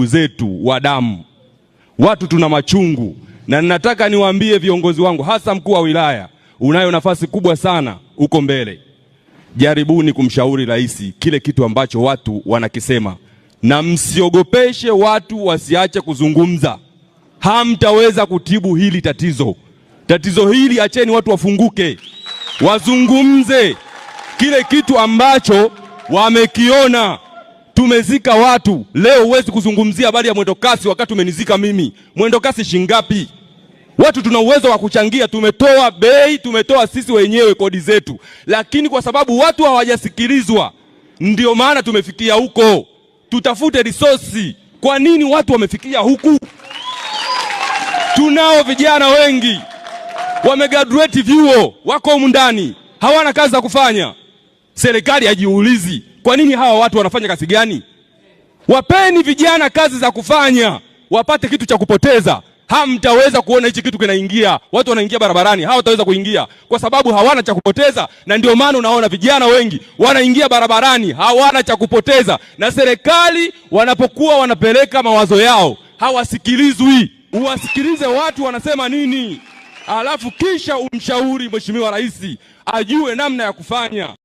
ndugu zetu wa damu, watu tuna machungu, na ninataka niwaambie viongozi wangu, hasa mkuu wa wilaya, unayo nafasi kubwa sana huko mbele. Jaribuni kumshauri rais kile kitu ambacho watu wanakisema, na msiogopeshe watu wasiache kuzungumza. Hamtaweza kutibu hili tatizo. Tatizo hili acheni watu wafunguke, wazungumze kile kitu ambacho wamekiona. Tumezika watu leo, huwezi kuzungumzia habari ya mwendokasi wakati umenizika mimi. Mwendokasi shingapi? Watu tuna uwezo wa kuchangia, tumetoa bei, tumetoa sisi wenyewe kodi zetu, lakini kwa sababu watu hawajasikilizwa, ndio maana tumefikia huko. Tutafute resource. Kwa nini watu wamefikia huku? Tunao vijana wengi wamegraduate vyuo, wako humu ndani, hawana kazi za kufanya. Serikali hajiulizi kwa nini hawa watu wanafanya kazi gani? Wapeni vijana kazi za kufanya, wapate kitu cha kupoteza. Hamtaweza kuona hichi kitu kinaingia, watu wanaingia barabarani, wataweza kuingia kwa sababu hawana cha kupoteza, na ndio maana unaona vijana wengi wanaingia barabarani, hawana cha kupoteza. Na serikali wanapokuwa wanapeleka mawazo yao hawasikilizwi. Uwasikilize watu wanasema nini, alafu kisha umshauri Mheshimiwa Rais ajue namna ya kufanya.